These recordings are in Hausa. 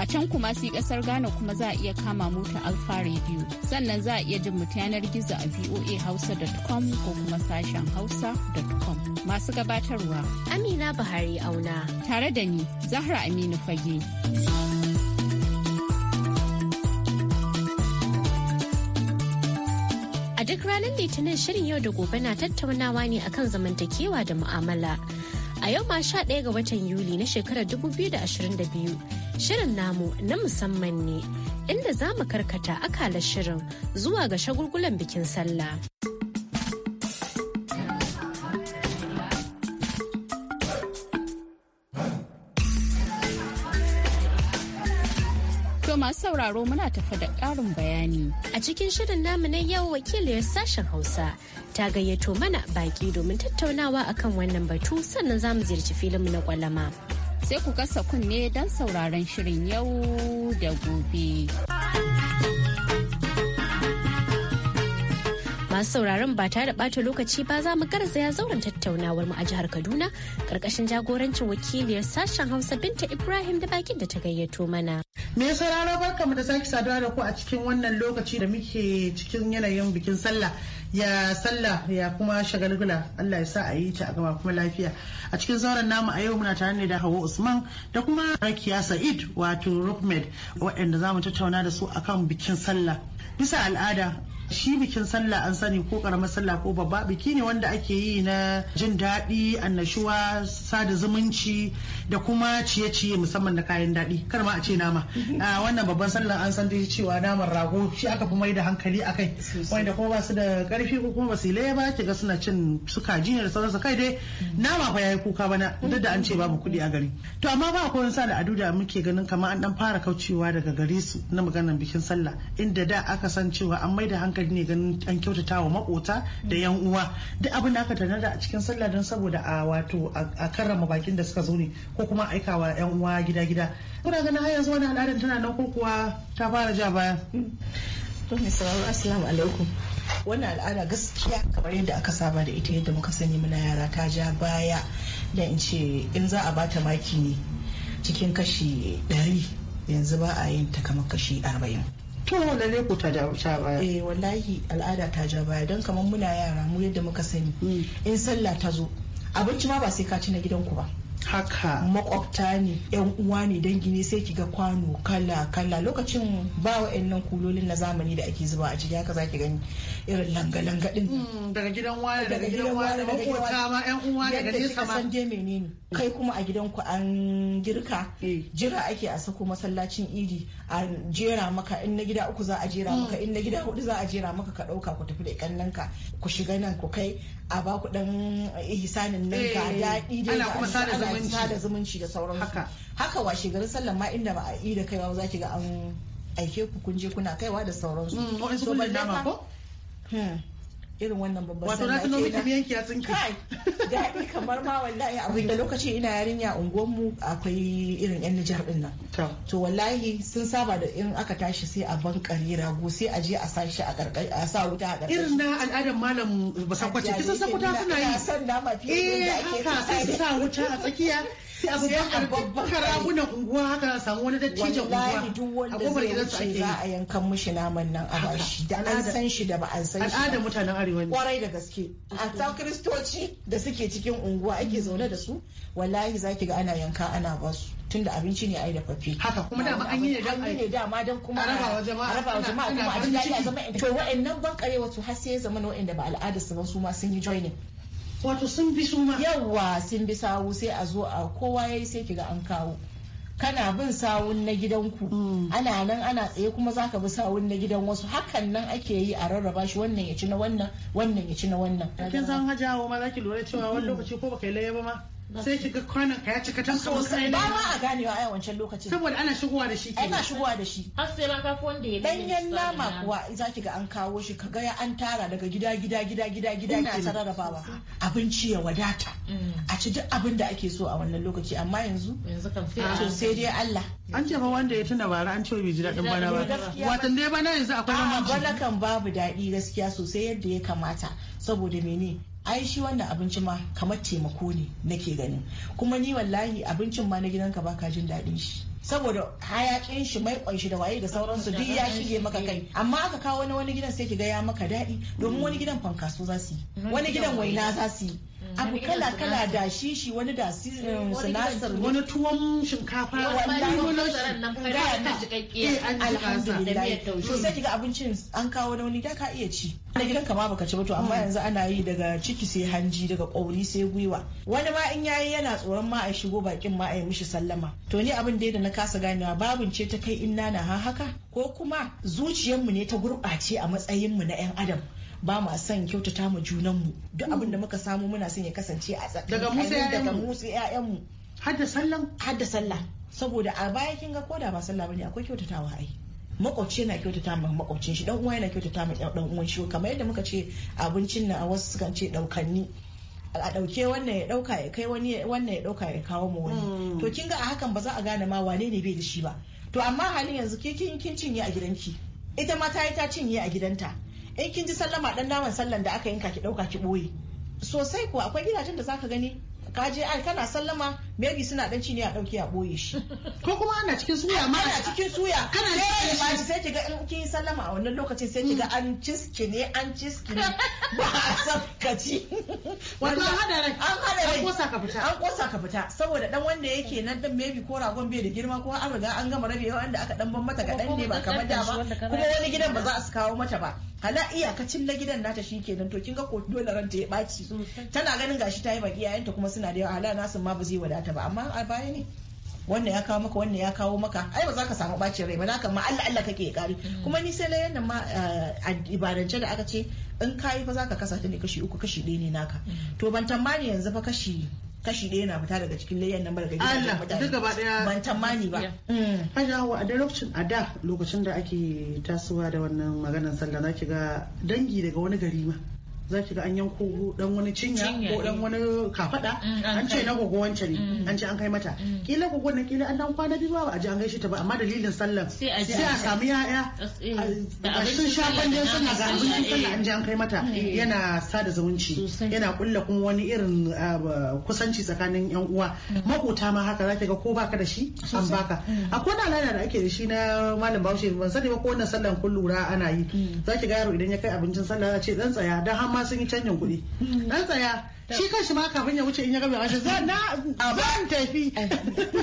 A can kuma sai kasar Ghana kuma za a iya kama mota Alfa Radio. Sannan za a iya jin mutu yanar gizo a voa hausa.com ko kuma sashen hausa.com. Masu gabatarwa. Amina Buhari Auna. Tare da ni, Zahra Aminu Fage. A duk ranar litinin shirin yau da gobe na tattaunawa ne akan zamantakewa da mu'amala a yau ma 11 ga watan Yuli na shekarar da biyu shirin namu na musamman ne inda za mu karkata akalar shirin zuwa ga shagulgulan bikin sallah. masu sauraro muna tafa da ƙarin bayani. A cikin shirin namu na yau wakiliyar sashen Hausa ta gayyato mana baki domin tattaunawa akan wannan batu sannan za mu ziyarci mu na kwalama. Sai ku kasa kunne don sauraron shirin yau da gobe. masu sauraron ba tare da bata lokaci ba za mu garzaya zauren tattaunawar mu a jihar Kaduna karkashin jagorancin wakiliyar sashen Hausa Binta Ibrahim da bakin da ta gayyato mana. Me sauraro barka mu da sake saduwa da ku a cikin wannan lokaci da muke cikin yanayin bikin sallah ya sallah ya kuma shagalgula Allah ya sa a yi ta a gaba kuma lafiya. A cikin sauran namu a yau muna tare ne da Hawa Usman da kuma Rakiya Sa'id wato Rukmed waɗanda za mu tattauna da su akan bikin sallah. Bisa al'ada shi bikin sallah an sani ko karamar sallah ko babba biki ne wanda ake yi na jin daɗi annashuwa sada zumunci da kuma ciye-ciye musamman da kayan daɗi kar ma a ce nama mhm. a ah, wannan babban sallah an san dai cewa naman rago shi aka fi mai da hankali a kai wanda kuma ba su da ƙarfi ko kuma basu yi ba ki ga suna cin su kaji ne da sauransu kai dai mhm. nama fa yayi kuka bana duk da an ce babu kuɗi a gari to amma ba akwai sa al'adu da muke ganin kamar an dan fara kaucewa daga gare su na maganar bikin sallah inda da aka san cewa an mai da hankali kokari ne ganin an kyautata wa makota da mm. yan uwa duk abin da aka tanada a cikin sallah don saboda a wato a karrama bakin da suka zo ne ko kuma aikawa yan uwa gida gida kuna ganin har yanzu wani al'adar tana nan ko kuwa ta fara ja baya mm. to mai sauraro assalamu alaikum wannan al'ada gaskiya kamar yadda aka saba da ita yadda muka sani muna yara ta ja baya da in ce in za a bata maki ne cikin kashi 100 yanzu ba a yin ta kamar kashi 40 to lalle ko ta ja baya eh wallahi al'ada ta ja baya don kamar muna yara mu yadda muka sani mm. in sallah ta zo abinci ma ba sai ka ci na gidanku ba haka makwabta ne yan uwa ne dangi ne sai ga kwano kala kala lokacin ba nan kulolin na zamani da ake zuba a ciki haka zaki gani irin langa langa din hmm, daga gidan wani daga gidan wani daga gidan ma yan uwa daga nesa ma san je menene hmm. kai kuma a gidan ku an girka eh. jira ake a sako masallacin idi a jera maka in na gida uku za a jera hmm. maka in na gida hudu za a jera maka ka dauka ku tafi da kannan ka ku shiga nan ku kai a ba ku dan eh, ihsanin nan ka eh, daɗi dai ana kuma sada da zumunci da sauransu haka haka washe garin sallan ma inda ba a yi da kaiwa za ki ga an aike ku kun je kuna kaiwa da sauransu mm, so balle ko hmm. irin wannan babban wato na tuno miki yanki ya tsinki kai daɗi kamar ma wallahi abin da lokacin ina yarinya unguwanmu mu akwai irin yan Nijar din nan to wallahi sun saba da in aka tashi sai a bankare rago sai a je a sa shi a karkar a sa wuta a karkar irin na al'adar malam basakwaci kisan sakuta suna yi san nama fiye da eh, ake sa sai su sa wuta a tsakiya babban karamunan unguwa haka samu wani dattijan unguwa a kofar gidansu ake za a yankan mushi naman nan a bashi da an san shi da ba an san shi al'adar mutanen arewa ne kwarai da gaske a ta kristoci da suke cikin unguwa ake zaune da su wallahi zaki ga ana yanka ana basu da abinci ne ai dafaffe haka kuma dama an yi ne dan an yi dama dan kuma a rabawa jama'a rabawa jama'a kuma a a zama to wa'annan ban karewa to har sai ya zama wa'anda ba al'adar ba su ma sun yi joining wato sun bi su ma yawa sun bi sawu sai a zo a kowa yayi sai kiga an kawo kana bin sawun na gidanku hmm. ana nan ana tsaye kuma zaka bi sawun na gidan wasu hakan nan ake yi a rarraba shi wannan ya ci na wannan wannan ya ci na wannan kin san hajawo ma ki lura cewa wani lokaci ko baka yi laye ba ma sai ki ga kwanan ka ya cika tan sosai ba ma a ganewa a yawancin lokacin saboda ana shigowa da shi ana shigowa da shi har sai ma ka ko wanda ya danyen nama kuwa za ki ga an kawo shi ka ya an tara daga gida gida gida gida gida ina sararrafawa abinci ya wadata mm. a ci duk abin da ake so a wannan lokaci amma yanzu yanzu kan sai dai Allah an ce ba wanda ya tuna bara an ce bai ji daɗin bana ba watan dai bana yanzu akwai ramanci bana kan babu daɗi gaskiya sosai yadda ya kamata saboda mene ai shi wannan abinci ma kamar taimako ne nake ganin kuma ni wallahi abincin ma na gidanka baka jin daɗin shi saboda hayakin shi mai kwanshi da waye da sauransu duk ya shige maka kai amma aka kawo wani wani gidan sai ki ga ya maka daɗi domin wani gidan fankaso za su yi mhm. wani gidan waina za su yi Mm. abu kala kala da shi shi wani da sinasar wani tuwon shinkafa wani wani alhamdulillah sai kiga abincin an kawo na wani da ka iya ci na gidan kama baka ci ba to amma mm. yanzu ana yi daga ciki sai hanji daga kauri sai gwiwa wani ma in yayi yana tsoron ma a shigo bakin ma a yi mishi sallama to ni abin da na kasa ganewa babin ce ta kai inna na ha haka ko kuma zuciyarmu ne ta gurɓace a matsayinmu na 'yan adam ba ma son kyautata mu junanmu duk abin da hmm. muka samu muna son ya kasance a tsakanin daga mu sai ƴaƴanmu hadda sallan hadda sallah saboda a baya kin ga koda ba sallah bane akwai kyautatawa ai makwabci yana kyautata ma makwabcin shi dan uwa yana kyautata ma dan uwan shi kamar yadda muka ce abincin na wasu sukan ce daukanni a dauke wannan ya dauka ya kai wani wannan ya dauka ya kawo mu wani hmm. to kin ga a hakan ba za a gane ma wane ne bai da shi ba to amma halin yanzu ke kin kin cinye a gidanki ita ma ta yi ta cinye a gidanta in kin ji sallama dan naman sallan da aka yanka ki dauka ki boye sosai ko akwai gidajen da zaka gani ka je ai kana sallama maybe suna dan ci ne a dauke a boye shi ko kuma ana cikin suya ma ana cikin suya kana cikin suya sai kiga in kin sallama a wannan lokacin sai kiga an ciski ne an ciski ne ba a san kaci wato an hada rai an hada rai an kosa ka fita an kosa ka fita saboda dan wanda yake nan dan maybe ko ragon bai da girma ko an riga an gama rabewa inda aka dan ban mata ga dan ne ba kamar da ba kuma wani gidan ba za su kawo mata ba hala iyakacin na gidan nata shi kenan to kin ga ko dole ranta ya baci tana ganin gashi ta yi baki kuma suna da yawa hala nasu ma ba zai wadata ta ba amma a baya ne wannan ya kawo maka wannan ya kawo maka ai ba za ka samu bacin rai ba za ka ma Allah Allah kake kare mm. kuma ni sai layan ma eh, a ibarance da aka ce in kai fa za ka kasa ta ne kashi uku kashi ɗaya ne naka mm. to ban tambani yanzu fa kashi kashi ɗaya na fita daga cikin layan nan daga gidan da gaba ban tamani ba mm. wa a da lokacin a da lokacin da ake tasowa da wannan maganar sallah zaki ga dangi daga wani gari ma za ki ga an yanko dan wani cinya ko dan eh. wani kafada mm, an ce na gogo wance ne mm. an ce an kai mata mm. kila gogo na kila an dan kwana biyu ba a ji an gaishe ta ba amma dalilin sallan sai a samu yaya eh, A sun sha kwanje suna ga abincin sallah an ji an kai mata eh. yana sada zumunci yana kulla kuma wani irin ah, kusanci tsakanin yan uwa makota ma haka ki ga ko baka da shi an baka akwai na al'ada da ake da shi na malam Bahaushe ban sani ba ko wannan sallan kun lura ana yi zaki ga yaro idan ya kai abincin sallah a ce dan tsaya dan ma sun yi canjin kuɗi dan mm. tsaya shi shi ma kafin ya wuce in ya gaba shi zan mm. zan tafi eh.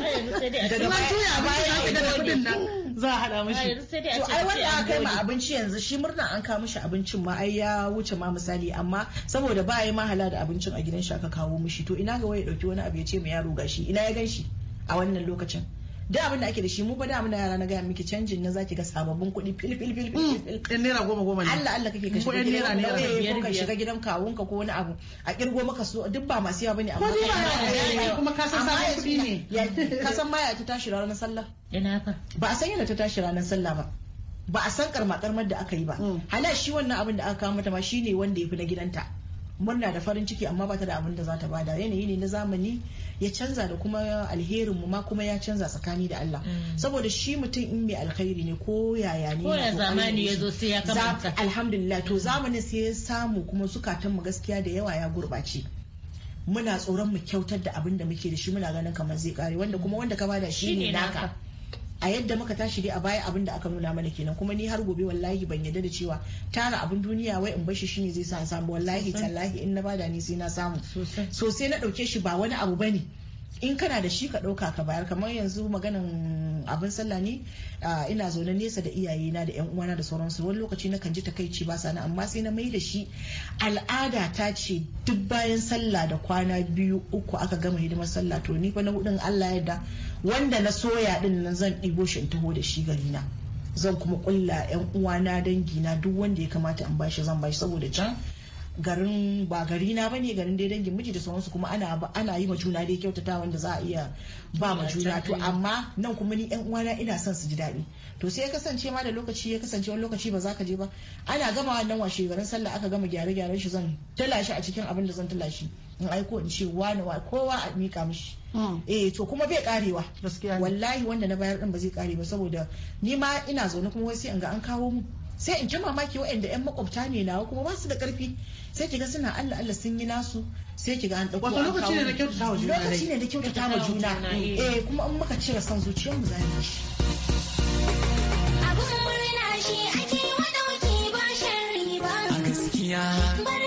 daga baya ya baya da kuɗin nan za a haɗa mishi to ai wanda ya kai ma abinci yanzu shi murna an kawo mishi abincin ma ai ya wuce ma misali amma saboda ba ya mahala da abincin a gidan shi aka kawo mishi to ina ga wai ya ɗauki wani abu ya ce ma yaro gashi ina ya gan shi a wannan lokacin da abin da ake da shi mu ba da abin da yara na gaya miki canjin na zaki ga sababbin kuɗi fil fil fil fil ɗan mm, naira goma goma ne Allah Allah kake ka shiga gidan naira ka shiga gidan kawun ka ko wani abu a kirgo maka so duk ba masu yawa bane amma kuma ka san sabon kuɗi ne ka san maya ta tashi ranar sallah ina ka ba a san yana ta tashi ranar sallah ba ba a san karma karmar da aka yi ba mm. hala shi wannan abin da aka kawo mata ma shine wanda ya fi na gidanta murna da farin ciki amma ba ta da abin da za ta bada yanayi ne na zamani ya canza da kuma alherin mu ma kuma ya canza tsakani da Allah mm. saboda shi mutum in mai alkhairi ne ko yaya ne ko zamani ya zo sai ya kamata alhamdulillah to zamanin sai ya samu kuma zukatan mu gaskiya da yawa ya gurbace muna tsoron mu kyautar da abin da muke da shi muna ganin kamar zai kare wanda kuma wanda ka bada shi ne naka a yadda muka tashi dai a baya abin da aka nuna mana kenan kuma ni har gobe wallahi ban yadda da cewa tara abin duniya wai in bashi shine zai sa samu wallahi tallahi in na bada ni sai na samu sosai na dauke shi ba wani abu bane in kana da shi ka ɗauka ka bayar kamar yanzu maganan abin sallah ne ina zaune nesa da iyaye na da yan uwana da sauransu wani lokaci na kan ji takaici ba sana amma sai na mai da shi al'ada ta ce duk bayan sallah da kwana biyu uku aka gama hidimar sallah to ni fa na hudun Allah yadda wanda na soya din nan zan ɗibo shi in taho da shi gari na zan kuma kulla yan uwana dangi na duk wanda ya kamata in bashi zan bashi saboda can garin ba gari na bane garin dai dangin miji da sauransu kuma ana ana yi ma juna dai kyautata wanda za a iya ba ma juna to amma nan kuma ni yan uwana ina son su ji daɗi to sai ya kasance ma da lokaci ya kasance wani lokaci ba za ka je ba ana gama wannan washe garin sallah aka gama gyare-gyaren shi zan tala shi a cikin abin da zan tala shi in aiko in ce wani wa kowa a mika mishi hmm. eh to kuma bai karewa wallahi wanda na bayar din ba zai kare ba saboda ni ma ina zaune kuma wai sai in ga an kawo mu sai in ji mamaki waɗanda 'yan makwabta ne nawa kuma ba su da ƙarfi sai kiga suna Allah Allah sun yi nasu sai kiga an ɗauko an kawo lokaci ne da kyautata wa juna eh. eh kuma in muka cire san zuciyar mu za mu shi abun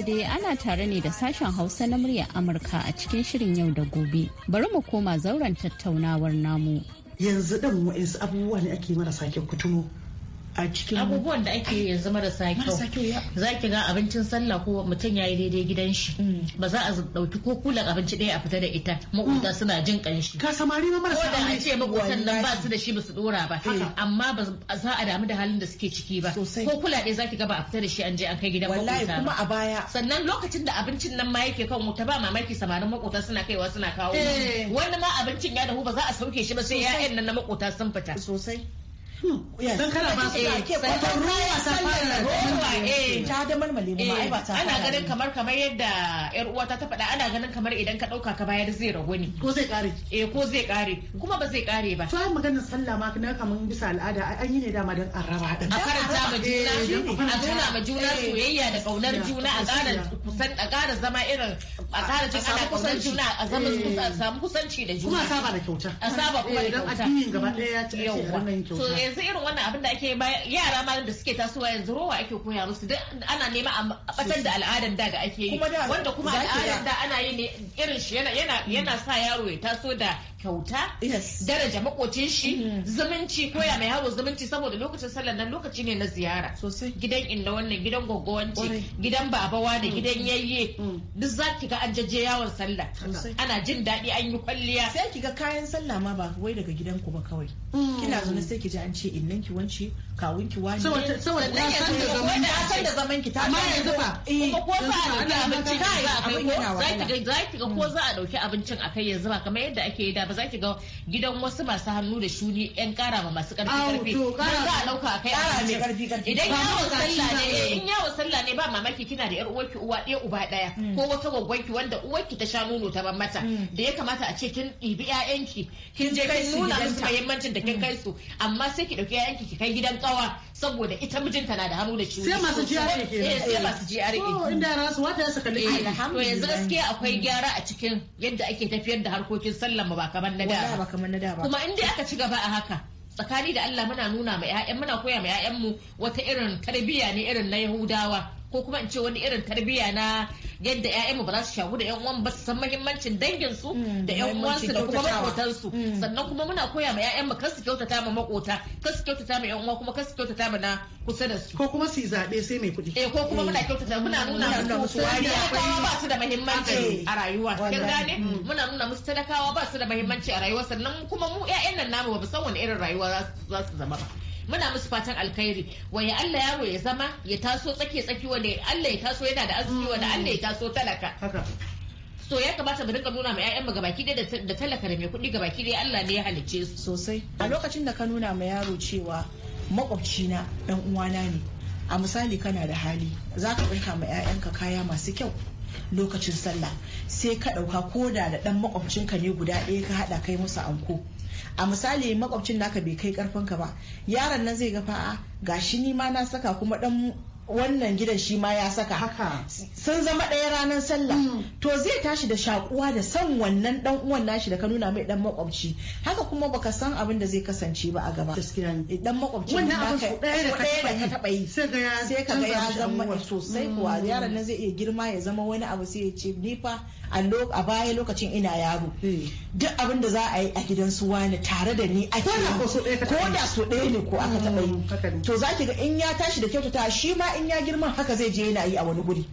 yanzu dai ana tare ne da sashen Hausa na muryar Amurka a cikin shirin yau da gobe. Bari mu koma zauren tattaunawar namu. Yanzu ɗin wa'insu abubuwa ne ake marasa kyau kutumo a cikin abubuwan da ake yanzu marasa kyau za ki ga abincin sallah ko mutum ya yi daidai gidan shi mm. ba za a dauki ko kulan abinci daya a fita da ita maƙota mm. suna jin ƙanshi ka samari ma marasa ko da ce maƙotan nan ba su da shi ba su dora ba amma ba za a damu da halin da suke ciki ba ko kula ɗaya za ki ga ba a fita da shi an je an kai gidan maƙota wallahi kuma a baya sannan lokacin da abincin nan ma yake kan wuta ba mamaki samarin maƙota suna kaiwa suna kawo eh. wani ma abincin ya dahu ba za a sauke shi ba sai 'ya'yan nan na maƙota sun fita sosai Hmm. don kana ba eh, su ke kwatar ruwa ta fara ruwa eh ta da marmale mu ai ba ta eh, ana ganin kamar kamar yadda yar uwa ta faɗa ana ganin kamar idan ka dauka ka bayar zai rago ne ko zai kare eh ko zai kare kuma ba zai kare ba to ai maganar sallah ma kana kamar bisa al'ada an yi ne dama don an raba din a karanta ma juna eh, a tuna ma juna soyayya da kaunar juna a ƙara kusan a ƙara zama irin a ƙara jin ana kaunar juna a zama a samu kusanci da juna kuma saba da kyauta a saba kuma da kyauta addinin gaba ɗaya ya ce wannan kyauta yanzu irin wannan abin da ake yara ma da suke tasowa yanzu rowa ake koya musu duk ana nema a batar da al'adar da ga ake yi wanda kuma al'adar da ana yi ne irin shi yana sa yaro ya taso da kyauta daraja makocin shi mm-hmm. zumunci koya mai yaro zumunci saboda lokacin sallar nan lokaci ne na ziyara gidan inda wannan gidan gwaggwanci gidan babawa da mm. gidan yayye mm. duk za ki ga an jaje yawon sallah ana jin daɗi an yi kwalliya sai ki ga kayan sallah ma ba wai daga gidan ba kawai mm. kina zaune sai ki ji an an ce innan ki wance kawun ki wani saboda ta san da zaman ki san da zaman ki ta amma yanzu kuma ko za a dauki abincin za a kai za ki ga ko mm. za a dauki abincin a kai yanzu ba kamar yadda ake yi da ba za ki ga gidan wasu masu hannu da shuni yan kara ma masu karfi karfi za a dauka a kai idan yawo sallah ne in yawo sallah ne ba mamaki kina da yar uwarki uwa ɗaya uba ɗaya mm. ko wata gwaggwanki wanda uwarki ta sha nono ta ban mata mm. da ya kamata a ce kin ɗibi 'ya'yanki kin je kin nuna musu da kin kai su amma sai ki dauki yayanki ki kai gidan kawa saboda ita mijinta na da hannu da ciwo sai masu are ke eh, sai masu are oh, ke inda na su wata saka kalli eh, to yanzu gaskiya akwai gyara a cikin yadda ake tafiyar da harkokin sallan ba kamar na da ba kamar na da ba kuma in aka ci gaba a haka tsakani da Allah muna nuna ma ƴaƴan muna koya ma ƴaƴan mu wata irin tarbiyya ne irin na Yahudawa ko kuma in ce wani irin tarbiyya na yadda ƴaƴanmu ba za su shagu da ƴan uwan ba su san muhimmancin dangin su mm, da ƴan uwansu da kuma makotan su mm. sannan kuma muna koya ma ƴaƴanmu kan su kyautata ma makota kan su kyautata ma ƴan uwa kuma kan su kyautata ma na kusa da su ko kuma su zaɓe sai mai kuɗi eh ko kuma muna kyautata muna mm, nuna musu talakawa ba su da muhimmanci a rayuwa kin gane muna nuna musu talakawa ba su da muhimmanci a rayuwa sannan kuma mu ƴaƴan nan namu ba mu san wani irin rayuwa za su zama ba muna musu fatan alkhairi waye Allah yaro ya zama ya taso tsake tsaki wanda Allah ya taso yana da arziki wanda mm. Allah ya taso talaka so ya kamata mu rinka nuna ma ƴaƴan mu gabaki da talaka da mai kuɗi gabaki ɗaya Allah ne ya halicce su sosai a lokacin da ka nuna ma yaro cewa na dan uwana ne a misali kana da hali za ka ɗinka ma 'ya'yanka kaya masu kyau lokacin sallah sai ka ɗauka ko da da ɗan makwabcinka ne guda ɗaya ka haɗa kai musu anko a misali makwabcin naka bai kai karfinka ba yaron nan zai ga fa'a gashi ni ma na saka kuma dan wannan gidan shi ma ya saka haka sun zama ɗaya ranar sallah mm. to zai tashi da shakuwa da san wannan dan uwan nashi da ka nuna mai dan makwabci haka kuma baka san abin da zai kasance ba a gaba dan makwabci wannan abin su ɗaya da ka taɓa yi sai ka ga ya zama sosai kuwa mm. yaron nan zai iya girma ya zama wani abu sai ya ce ni fa a baya lokacin ina yaro hmm. duk abin da za a yi a gidan su wani tare da ni ake ko da so ɗaya ne ko aka hmm, taɓa yi to za ki ga in ya tashi da kyautata shi ma in ya girma haka zai je yana yi a wani guri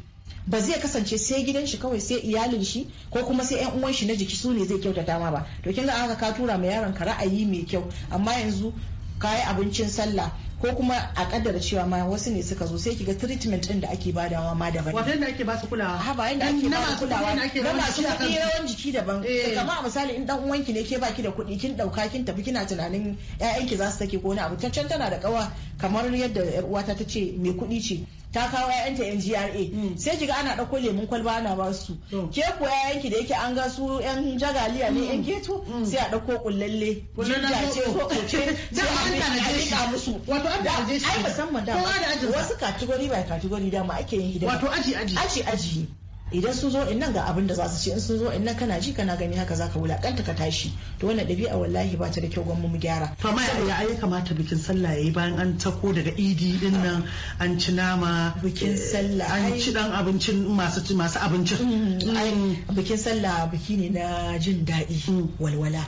ba zai kasance sai gidan shi kawai sai iyalin shi ko kuma sai yan uwan shi na jiki su ne zai kyautata ma ba to kin ga aka ka tura ma yaron ka ra'ayi mai kyau amma yanzu ka yi abincin sallah ko kuma a kaddara cewa ma wasu ne suka zo sai kiga treatment din da ake badawa ma daban wato yadda ake ba kulawa ha ba yadda ake ba su kulawa na masu kuɗi rawan jiki daban eh. kamar a misali in dan uwanki ne ke baki da kuɗi kin dauka kin tafi kina tunanin ƴaƴanki za su take ko wani abu can tana da kawa kamar yadda yar uwata ta ce mai kuɗi ce ta kawo ƴaƴanta yan GRA hmm. sai kiga ana ɗauko lemun kwalba ana ba su ke ko ƴaƴanki da yake an ga su yan jagaliya ne yan hmm. geto hmm. sai a ɗauko kullalle jinja ce ko kace da an tanaje musu wato an tanaje shi ai musamman da wasu kategori ba kategori da ma ake yin hidima wato aji aji aji aji idan sun zo in nan ga abin da za su ce in sun zo in nan kana ji kana gani haka zaka wulakanta ka tashi to wannan ɗabi'a wallahi ba ta da kyau gwamma mu gyara to amma ya ya kamata bikin sallah yayi bayan an tako daga idi din nan an ci nama bikin eh, sallah an ci dan abincin masu masu abincin mm, mm. bikin sallah biki ne na jin daɗi mm. walwala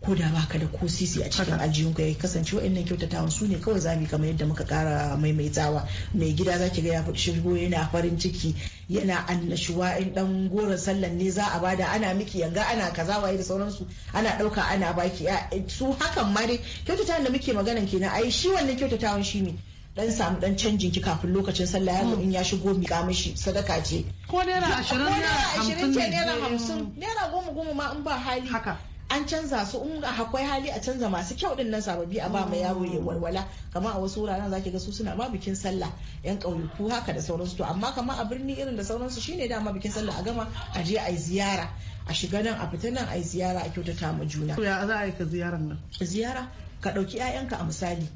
ko da baka da ko sisi a cikin ka ya kasance wa'annan kyautatawan su ne kawai zamu kamar yadda muka kara maimaitawa mai gida zaki ga ya shirgo yana farin ciki yana annashuwa in dan goron sallan ne za a bada ana miki yanga ana kaza waye da sauransu ana dauka ana baki su hakan ma dai kyautata da muke maganan kenan ai shi wannan kyautatawan shi ne dan samu dan canjin ki kafin lokacin sallah ya in ya shigo ga mishi sadaka ce ko naira 20 naira 50 naira 50 naira goma goma ma in ba hali haka an canza su in akwai hali a canza masu kyau din nan sababi a ba ma mm. yaro ya walwala kamar a wasu wuraren zaki ga su suna ma bikin sallah yan ƙauyuku haka da sauransu to amma kamar a birni irin da sauransu shine dama bikin sallah a gama a je a yi ziyara a shiga nan a fita nan a yi ziyara a kyautata ma juna. Ya za a yi ka ziyarar nan? Ziyara ka ɗauki 'ya'yanka a misali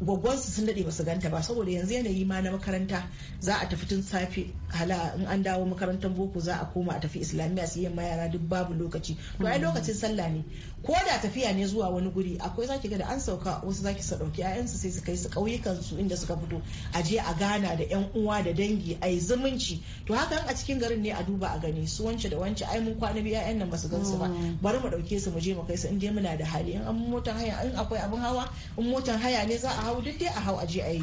gwaggwansu sun daɗe basu ganta ba saboda yanzu yanayi ma na makaranta za a tafi tun safe hala in an dawo makarantar boko za a koma a tafi islamiyya su yamma yara duk babu lokaci to ai hmm. lokacin sallah ne ko da tafiya ne zuwa wani guri akwai zaki ga da an sauka wasu zaki su ɗauki ƴaƴansu sai su kai su ƙauyukan su inda suka fito a je a gana da ƴan uwa da dangi a yi zumunci to haka a cikin garin ne a duba a gani su wance da wance ai mun kwana biyu ƴaƴan nan basu gansu ba hmm. bari mu ɗauke su mu je mu kai su in je muna da hali in an motan haya in akwai abin hawa in motan haya ne za a hau duk dai a hau aje a yi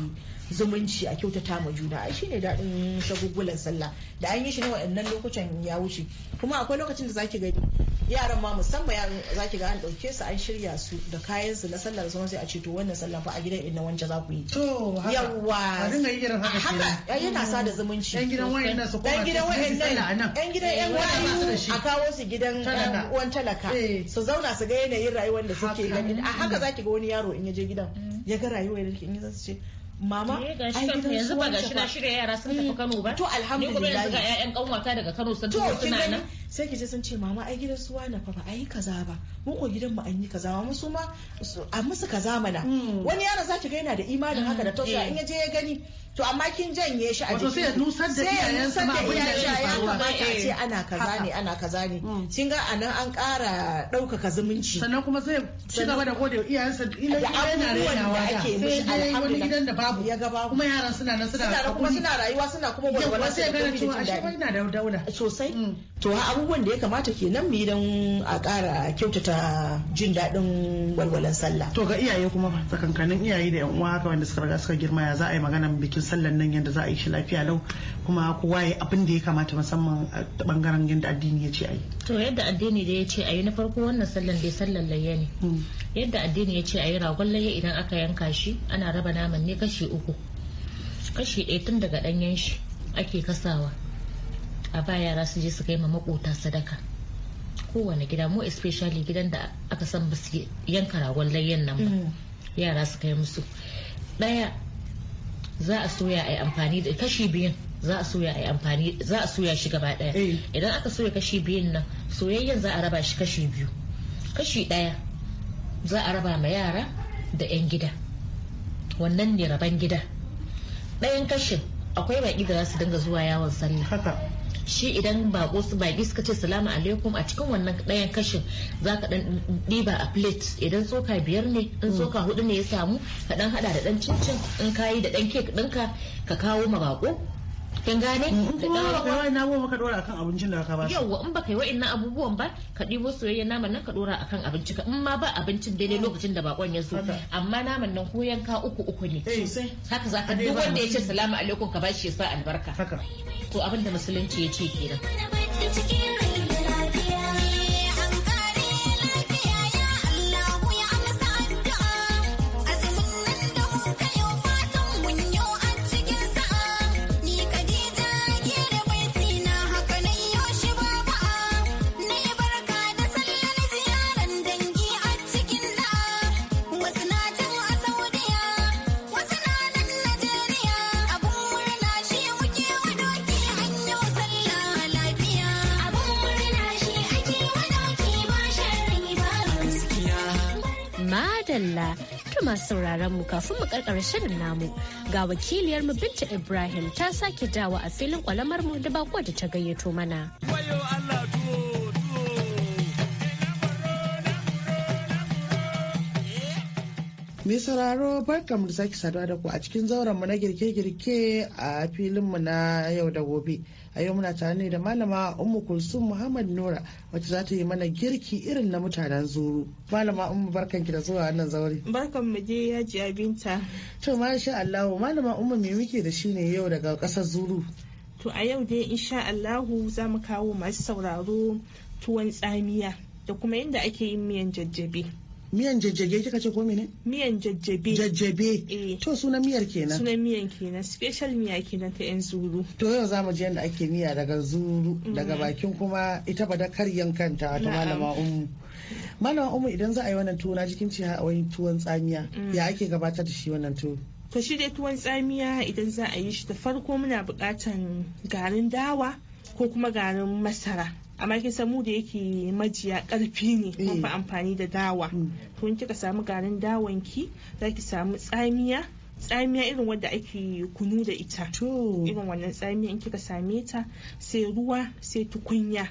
zumunci a kyautata ma juna ai shine daɗin shagugulan sallah da an yi shi ne waɗannan lokacin ya wuce kuma akwai lokacin da zaki gani yaran ma musamman yaran zaki ga an ɗauke su an shirya su da kayan su na sallah da sauran sai a ce to wannan sallah fa a gidan inna wancan za ku yi to yawa a dinga yi irin haka haka yana sada zumunci yan gidan wayannan su kuma koma gidan wayannan yan gidan yan eh, wayannan a kawo su gidan eh, uwan talaka eh. su zauna su ga yanayin rayuwar da suke gani a haka zaki ga wani yaro in ya je gidan ya ga rayuwa da take su ce mama eh, ai gidan yanzu ba gashi na shirya mm. to alhamdulillah kanwata daga Kano sai ki ce sun ce mama ai gidan suwa na fa ba ai kaza ba mu ko gidan mu an yi kaza mu su ma a musu kaza mana mm. wani yaro zaki ga yana da imanin haka da mm. tausa eh. in ya je ya gani to amma kin janye shi a jiki sai ya nusar da iyayensa ma abin da ya kamata a ce ana kaza ne ana kaza ne mm. kin ga anan an ƙara ɗaukaka zumunci sannan kuma zai ci gaba da gode iyayen iyayensa Ina yana rainawa da sai mishi alhamdulillah gidan da babu ya gaba kuma yaran suna nan suna suna kuma suna rayuwa suna kuma walwala sai ga cewa ashe bai ina da daula sosai mm. to a abubuwan da ya kamata kenan mu idan a ƙara kyautata jin daɗin walwalan sallah to ga iyaye kuma tsakankanin iyaye da yan uwa haka wanda suka riga suka girma ya za a yi maganan bikin sallan nan yadda za a yi shi lafiya lau kuma kowa ya abin da ya kamata musamman a bangaren yadda addini ya ce a yi. To yadda addini da ya ce a yi na farko wannan sallan dai sallan layya ne. Hmm. Yadda addini ya ce a yi ragon layya idan aka yanka shi ana raba naman ne kashi uku. Kashi ɗaya tun daga ɗanyen shi ake kasawa. A ba yara su je su kai ma maƙota sadaka. Kowane gida mu especially gidan da aka san ba su yanka ragon layyan nan ba. Hmm. Yara su kai musu. Ɗaya za a soya a yi amfani da kashi biyun za a soya shi gaba daya eh. idan aka soya kashi biyun nan soyayyen za a raba shi kashi biyu kashi daya za a raba ma yara da 'yan gida wannan ne raban gida ɗayan kashin akwai baƙi da za su dinga zuwa yawon sallah shi idan bako su baki suka ce salamu alaikum a cikin wannan ɗayan kashin za ka ɗan ɗiba a plate idan tsoka biyar ne in mm. tsoka hudu ne ya samu ka ɗan hada da ɗan cincin in kayi da ɗan kek ɗinka ka kawo ma bako kin gane mm, kuma na goma ka dora akan abincin da ka ba yawa in baka yi wa'annan abubuwan ba ka ɗibo soyayya naman nan ka dora akan abinci ka in ma ba abincin daidai mm. lokacin da bakon ya zo amma naman nan ko yanka uku uku ne eh, haka zaka duk wanda ya ce salamu alaikum ka bashi ya sa albarka to abin da musulunci ya ce kenan madalla ta masu sauraron mu kafin mu karkar shirin namu ga wakiliyar mu Binta Ibrahim ta sake dawa a filin kwalamar mu da bako da ta gayyato mana. Mai sauraro mu da sake saduwa da ku a cikin zauren mu na girke-girke a filin mu na yau da gobe. a yau muna tare ne da malama ummu kulsum muhammad nura wacce za ta yi mana girki irin na mutanen zuru malama ummu barkan ki da zuwa wannan zaure barkan mu je ya ji abinta to sha Allah malama ummu me muke da shi ne yau daga kasar zuru to a yau dai insha Allahu za mu kawo masu sauraro tuwon tsamiya da kuma yadda ake yin miyan jajjabe miyan jajjabe kika ce ko mene miyan jajjabe jajjabe eh. to sunan miyar kenan sunan miyan kenan special miya kenan ta yan zuru to yau zamu ji yadda ake miya daga zuru daga mm. bakin kuma ita ba da karyan kanta ta malama ummu malama ummu idan za a yi wannan tuwo na jikin ci a wani tuwon tsamiya mm. ya ake gabatar da shi wannan tuwo to shi dai tuwon tsamiya idan za a yi shi da farko muna buƙatan garin dawa ko kuma garin masara amma kin san da yake majiya karfi ne kuma eh. amfani da dawa mm. to in kika samu garin dawan ki zaki samu tsamiya tsamiya irin wanda ake kunu da ita irin wannan tsamiya in kika same ta sai ruwa sai tukunya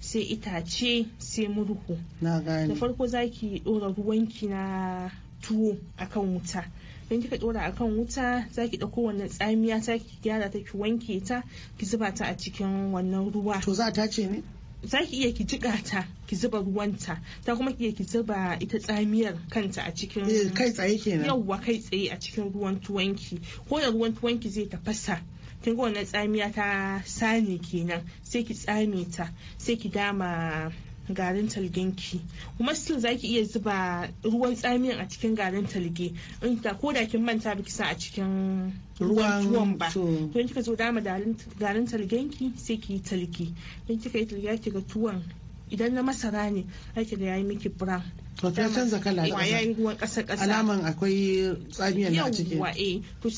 sai itace sai murhu da farko zaki dora ruwanki na tuwo akan wuta idan kika a kan wuta za ki dauko wannan tsamiya ta ki gyara ta ki wanke ta ki zuba ta a cikin wannan ruwa to za ta ce ne za ki iya ki jiƙa ta ki zuba ruwanta ta kuma ki iya ki zuba ita tsamiyar kanta a cikin eh, kai tsaye kenan yawwa kai tsaye a cikin ruwan tuwanki ko da ruwan tuwanki zai tafasa kin ga wannan tsamiya ta sani kenan sai ki tsame ta sai ki dama garin talgenki kuma still zaki iya zuba ruwan tsamiyan a cikin garin talge in ka ko da kin manta biki sa a cikin ruwan ba don kika zo dama garin talgenki sai ki yi talge don kika yi talge ga tuwon idan na masara ne aiki da ya yi miki brown to ta canza kala da ruwan kasa kasa alaman akwai tsamiya a cikin. yawa eh to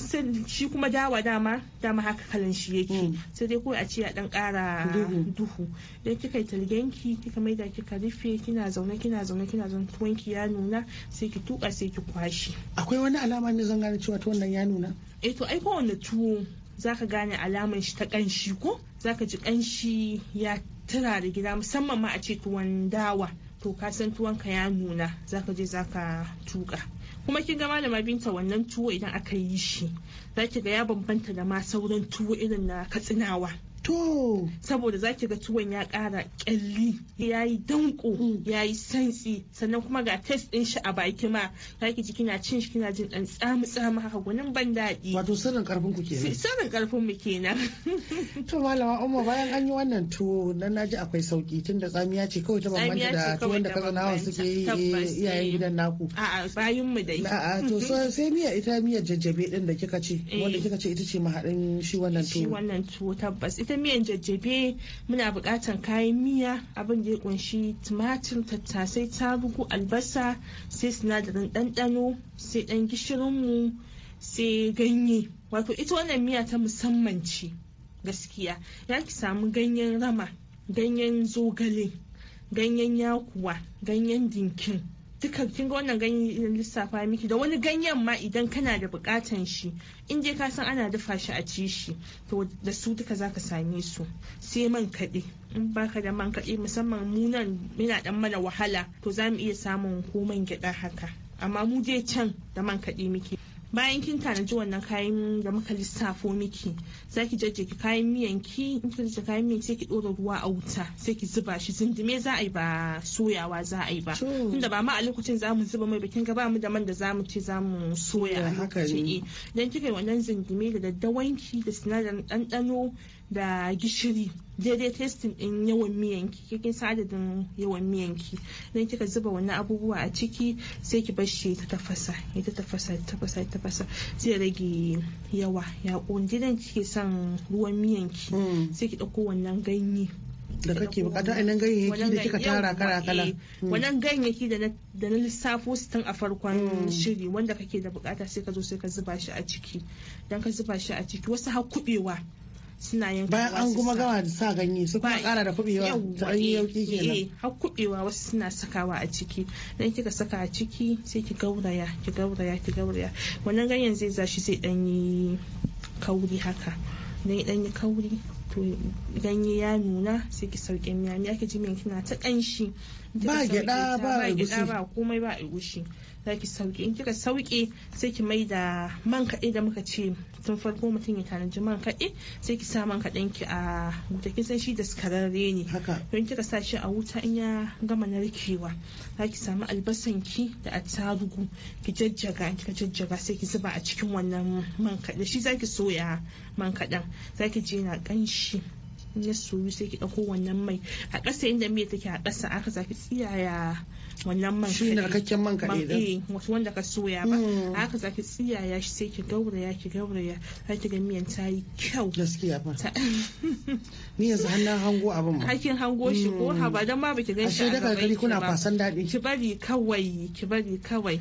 shi kuma dawa dama dama haka kalan shi yake mm. sai dai kawai a ce a dan kara duhu dan kika yi talgenki kika maida kika rufe kina zaune kina zaune kina zaune tuwanki ya nuna sai ki tuka sai ki kwashi akwai wani alama ne zan gane cewa ta wannan ya nuna eh to ai kowanne tuwo zaka gane alaman shi ta kanshi ko zaka ji kanshi ya da gida musamman ma a ce tuwon dawa to ka san tuwon ka ya nuna zaka je zaka tuka kuma kin ga malama binta wannan tuwo idan aka yi shi zaki ga ya bambanta da ma sauran tuwo irin na katsinawa To. Saboda zaki ga tuwon ya ƙara ƙyalli, ya yi danko, mm. ya yi santsi, sannan kuma ga test ɗin shi a baki ma, za ki ji kina cin shi kina jin ɗan tsamu tsamu haka gunin ban daɗi. Wato sirrin karfin ku kenan. Sirrin karfin mu kenan. To malama Umma bayan an yi wannan tuwo nan na ji akwai sauki tunda tsamiya ce kawai ta bambanta da tuwon da kazanawa suke yi eh, eh. iyayen gidan naku. A'a bayan mu dai. A'a to sai miya ita miyar jajjabe ɗin da kika ce, eh. wanda kika ce ita ce mahadin shi wannan tuwo. Shi wannan tuwo tabbas ita ta miyan jajjabe muna buƙatar kayan miya abin da ya kunshi tumatir tattasai ta tarugu albasa sai sinadarin ɗanɗano sai ɗan gishirinmu sai ganye wato ita wannan miya ta musamman ce gaskiya ya ki samu ganyen rama ganyen zogale ganyen yakuwa ganyen dinkin duka kin ga wannan ganyen lissafa miki da wani ganyen ma idan kana da bukatan shi in je ka san ana dafa shi a ci shi to da su duka zaka same su sai man kaɗe in baka da man kaɗe musamman mu nan yana dan mana wahala to za mu iya samun ko man gyaɗa haka amma mu je can da man kaɗe muke bayan kin tanaji wannan kayan da muka lissafo miki za ki ki kayan miyan ki in ki kayan miyan sai ki ɗora ruwa a wuta sai ki zuba shi zindime za a yi ba soyawa za a yi ba tunda ba ma a lokacin za mu zuba mai bikin gaba mu da man da za mu ce za mu soya eh, a lokacin dan kika yi wannan zindime da daddawanki da sinadarin ɗanɗano da gishiri daidai testin din yawan miyanki kikin sadadin yawan miyanki don kika zuba wani abubuwa a ciki sai ki bar shi ta tafasa ya ta tafasa ta tafasa ta tafasa zai rage yawa ya kundi dan kike son ruwan miyanki mm. sai ki dauko wannan ganye da kake bukata ainihin ganyayyaki da kika tara kara kala eh. mm. wannan ganyayyaki da na lissafo su tun a farkon mm. shiri wanda kake da bukata sai ka zo sai ka zuba shi a ciki dan ka zuba shi a ciki wasu har kubewa suna yin bayan an kuma gama da sa ganye su kuma kara da kubewa ta an yauki eh, kenan eh har kubewa wasu suna sakawa a ciki dan kika saka a ciki sai ki gauraya ki gauraya ki gauraya wannan ganyen zai zashi sai dan yi kauri haka dan dan yi kauri to ganye ya nuna sai ki sauke miya miya ki ji min kina ta kanshi ba gyada ba gyada ba komai ba egusi zaki sauke in kika sauke sai ki mai da man kaɗe da muka ce tun farko mutum ya tanaji man kaɗe sai ki sa man kaɗen ki a wuta kin san shi da skararre ne don kika sa shi a wuta in ya gama narkewa zaki samu albasan ki da attarugu ki jajjaga in kika jajjaga sai ki zuba a cikin wannan man kaɗe shi zaki soya man kaɗan zaki je na ƙanshi ya soyu sai ki dauko wannan mai a ƙasa inda mai take a ƙasa aka zafi tsiyaya wannan man shi ne kakken man kaɗai da eh, wasu wanda ka soya ba hmm. aka zafi tsiyaya shi sai ki gauraya ki gauraya sai ki ga miyan ta yi kyau gaskiya ba ni yanzu har na hango abin ba hakin hango shi ko hmm. ha ba dan ma baki gan shi a gaba ashe da kuna fasan daɗi ki bari kawai ki bari kawai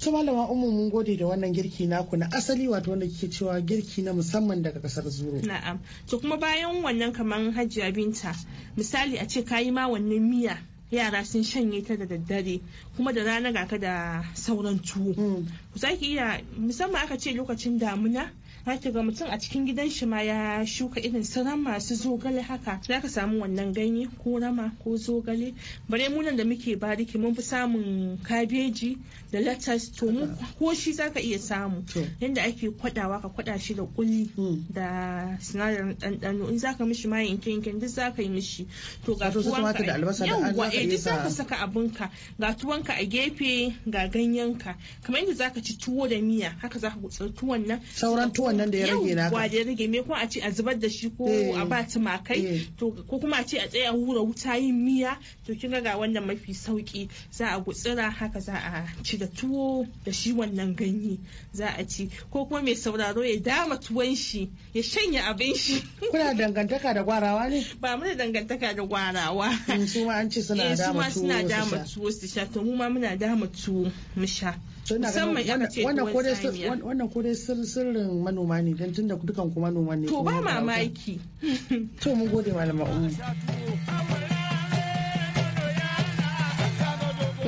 To malama umar mun gode da wannan girki naku na asali wato wanda kike cewa girki na musamman daga kasar zuru. Na'am. To kuma bayan wannan kamar hajiya binta misali a ce kayi ma wannan miya yara sun shanye ta da daddare kuma da rana ga ka da sauran tuwo. Mm. Ku iya musamman aka ce lokacin damuna haki ga mutum a cikin gidan shi ma ya shuka irin su rama su zogale haka zaka samu wannan ganye ko rama ko zogale bare munan da muke bariki mun fi samun kabeji da latas to mu ko shi zaka iya samu yanda ake kwadawa ka kwada shi da kuli hmm. da sinadarin ɗanɗano in zaka mishi ma yanke yanke duk zaka yi mishi to ga tuwanka yawwa eh duk zaka saka abinka ga tuwanka a gefe ga ganyenka kamar yadda zaka ci tuwo da miya haka zaka gutsa tuwon nan sauran tuwon nan da ya rage naka yawwa ya rage me ko a ce a zubar da shi ko eh, a ba tumakai eh. to ko kuma a ce a tsaya hura wuta yin miya to kin ga wannan mafi sauki za a gutsira haka za a ci da tuwo da shi wannan ganye za a ci ko kuma mai sauraro ya dama tuwon shi ya shanya abin shi kuna dangantaka da gwarawa ne ba mu da dangantaka da gwarawa mm, su ma an ce suna eh, dama tuwo su sha to mu ma muna dama tuwo mu sha musamman yana ce wannan kodai sirrin manoma ne don tunda dukan kuma manoma ne to ba mamaki to mun gode malama umu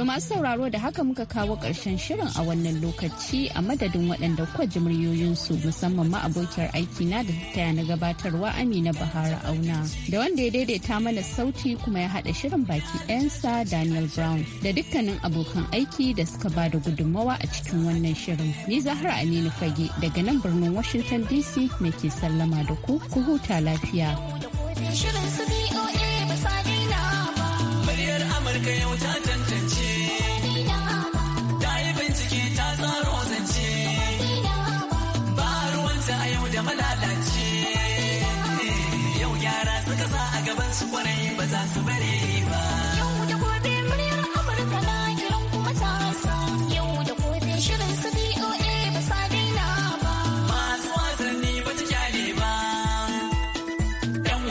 To masu sauraro da haka muka kawo ƙarshen shirin a wannan lokaci a madadin waɗanda kuwa ji muryoyinsu musamman ma abokiyar aiki na da taya na gabatarwa Amina Bahara Auna. Da wanda ya daidaita mana sauti kuma ya haɗa shirin baki ɗansa Daniel Brown da dukkanin abokan aiki da suka ba da gudunmawa a cikin wannan shirin. Ni Zahra Aminu Fage daga nan birnin Washington DC ke sallama da ku ku huta lafiya.